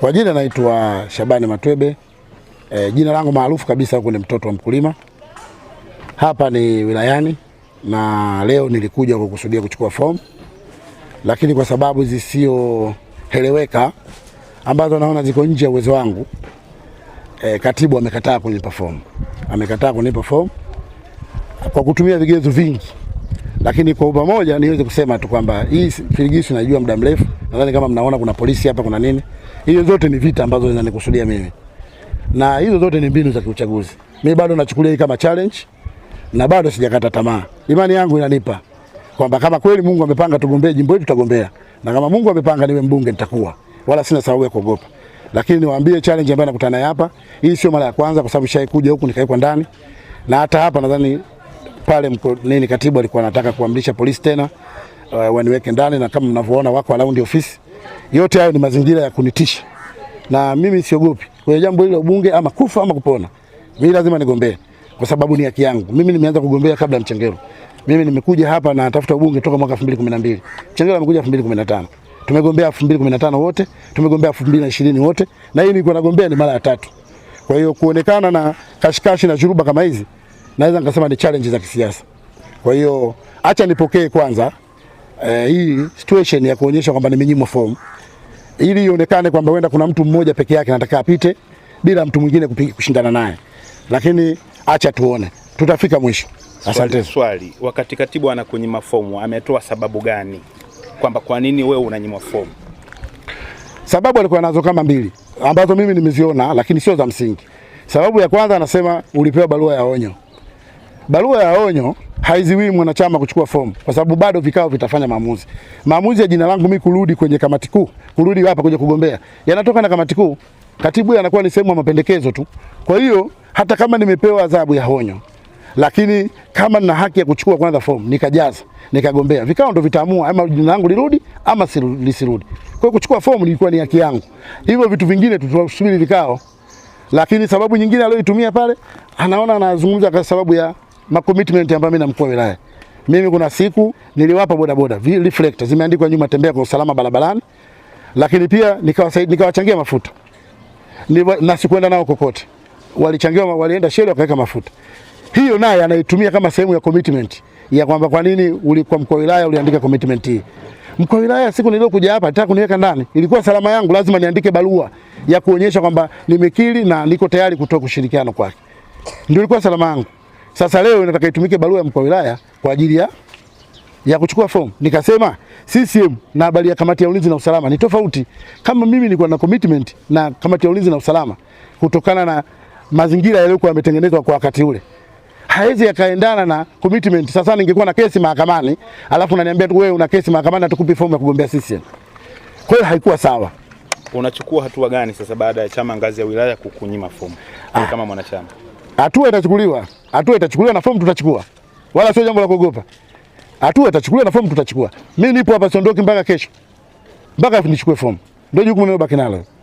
Kwa jina naitwa Shabani Matwebe. E, jina langu maarufu kabisa huko ni mtoto wa mkulima. Hapa ni wilayani na leo nilikuja kwa kusudia kuchukua fomu, lakini kwa sababu zisioeleweka ambazo naona ziko nje ya uwezo wangu e, katibu amekataa kunipa fomu, amekataa kunipa fomu kwa kutumia vigezo vingi, lakini kwa pamoja niweze kusema tu kwamba hii filigisi najua muda mrefu. Nadhani kama mnaona kuna polisi hapa, kuna nini Hizo zote ni vita ambazo zinanikusudia mimi, na hizo zote ni mbinu za kiuchaguzi. Mimi bado nachukulia hii kama challenge na bado sijakata tamaa. Imani yangu inanipa kwamba kama kweli Mungu amepanga tugombee jimbo hili tutagombea, na kama Mungu amepanga niwe mbunge nitakuwa, wala sina sababu ya kuogopa. Lakini niwaambie challenge ambayo nakutana nayo hapa, hii sio mara ya kwanza, kwa sababu nishaikuja huku nikaikwa ndani, na hata hapa nadhani pale mko, nini katibu alikuwa anataka kuamrisha polisi tena uh, waniweke ndani, na kama mnavyoona wako around ofisi yote hayo ni mazingira ya kunitisha, na mimi siogopi kwenye jambo hilo, bunge ama kufa ama kupona. Mimi lazima nigombee kwa sababu ni haki yangu. Mimi nimeanza kugombea kabla Mchengero. Mimi nimekuja hapa na tafuta ubunge toka mwaka 2012. Mchengero amekuja 2015. Tumegombea 2015 wote, tumegombea 2020 wote, na hii nilikuwa nagombea ni mara ya tatu. Kwa hiyo kuonekana na kashikashi na shuruba kama hizi, naweza nikasema ni challenge za kisiasa. Kwa hiyo acha nipokee kwanza eh, hii situation ya kuonyesha kwamba nimenyimwa fomu ili ionekane kwamba wenda kuna mtu mmoja peke yake anataka apite bila mtu mwingine kushindana naye, lakini acha tuone, tutafika mwisho. Asante. Swali, wakati katibu anakunyima fomu ametoa sababu gani kwamba kwa nini wewe unanyimwa fomu? Sababu alikuwa nazo kama mbili ambazo mimi nimeziona, lakini sio za msingi. Sababu ya kwanza anasema ulipewa barua ya onyo. Barua ya onyo haiziwi mwanachama kuchukua fomu kwa sababu bado vikao vitafanya maamuzi. Maamuzi ya jina langu mimi kurudi kwenye kamati kuu, kurudi hapa kuja kugombea, yanatoka na kamati kuu. Katibu anakuwa ni sehemu ya mapendekezo tu. Kwa hiyo hata kama nimepewa adhabu ya onyo, lakini kama nina haki ya kuchukua kwanza fomu nikajaza nikagombea, vikao ndo vitaamua ama jina langu lirudi ama lisirudi. Kwa hiyo kuchukua fomu ilikuwa ni haki yangu, hivyo vitu vingine tutasubiri vikao. Lakini sababu nyingine aliyoitumia pale, anaona anazungumza kwa sababu ya makomitment ambayo mimi namkua wilaya mimi kuna siku niliwapa bodaboda reflector zimeandikwa nyuma, tembea kwa usalama barabarani, lakini pia nikawasaidia nikawachangia mafuta Niwa, na sikwenda nao kokote, walichangia walienda shule wakaweka mafuta. Hiyo naye anaitumia kama sehemu ya commitment ya kwamba kwa nini ulikuwa mkuu wa wilaya uliandika commitment hii. Mkuu wa wilaya siku nilikuja hapa nataka kuniweka ndani, ilikuwa salama yangu, lazima niandike barua ya kuonyesha kwamba nimekiri na niko tayari kutoa ushirikiano kwake, ndio ilikuwa salama yangu. Sasa leo nataka itumike barua ya mkuu wa wilaya kwa ajili ya ya kuchukua fomu. Nikasema CCM na habari ya kamati ya ulinzi na usalama ni tofauti. Kama mimi nilikuwa na commitment na kamati ya ulinzi na usalama kutokana na mazingira yaliyokuwa yametengenezwa kwa wakati ule. Hawezi yakaendana na commitment. Sasa ningekuwa na kesi mahakamani, alafu unaniambia tu wewe una kesi mahakamani hatukupi fomu ya kugombea CCM. Kwa hiyo haikuwa sawa. Unachukua hatua gani sasa baada ya chama ngazi ya wilaya kukunyima fomu ah, kama mwanachama? hatua itachukuliwa, hatua itachukuliwa na fomu tutachukua, wala sio jambo la kuogopa. Hatua itachukuliwa na fomu tutachukua. Mimi nipo hapa, siondoki mpaka kesho, mpaka nichukue fomu. Ndio jukumu baki nalo.